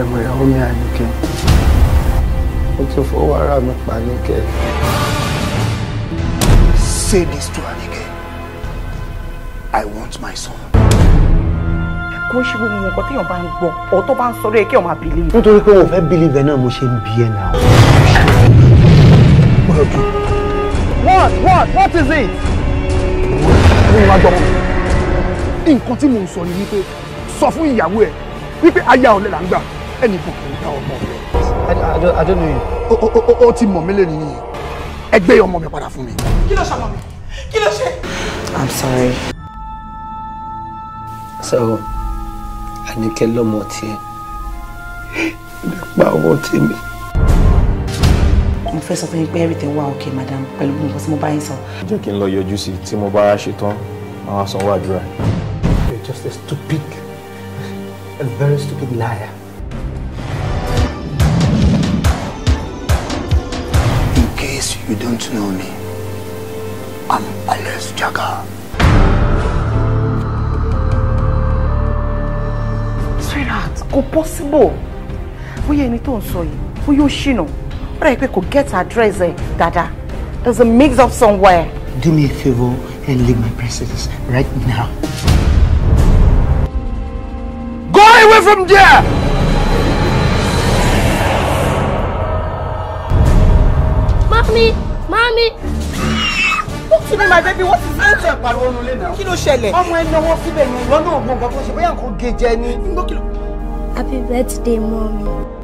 ẹ̀gbọ́n ìyàwó mi àníkẹ́ mo ti fọwọ́ mi pa àníkẹ́. Say this to Anike. I want my son. Kò ṣe gbogbo nǹkan téèyàn bá ń gbọ́, ọ̀ tó bá ń sọ lóye kí ọmọ àbílí. Nítorí pé wọ́n fẹ́ bílíbẹ̀ náà mo ṣe ń bí ẹ náà. What? What? What is it? Mo máa gbọ́ Nǹkan tí mo ń sọ ni wípé sọ fún ìyàwó ẹ wípé aya ọ̀lẹ là ń gbà ẹnì kankan dá ọmọ rẹ. I don't know you. ó ti mọ̀ mí lẹ́nu yìí ẹ gbé ọmọ mi padà fún mi. kí ló ṣàmọ̀ mi kí ló ṣe. I'm sorry. so Àníkẹ́ lọ́mọ tiẹ̀ nípa ọmọ tèmi. mo fẹ́ sọ fún yín pé everything wà okay madam pẹ̀lú gbogbo nǹkan tí mo bá yín sọ. jẹ́ kí n lọ yọjú sí tí mo bá ṣe tán máa sanwó àdúrà. you're just a stupid and very stupid liar. You don't know me. I'm Alice Jagger. Sweetheart, kò possible. Bóyá ẹni tó ń sọ yìí, bóyá ó ṣìnà. Ó dà pé kò get address ẹ̀ Dada, There's a mix up somewhere. Do me a favor and leave my presence right now. Go away from there! Mommy! Mommy! Talk to my baby. What is this? Ẹ pariwo nulẹ̀ náà. Kí ló ṣẹlẹ̀? Ọmọ ẹ náwó síbẹ̀ ni ìwọ náà mọ nǹkan tó ṣe. Bóyá nǹkan gé jẹ ni. Happy birthday, mommy.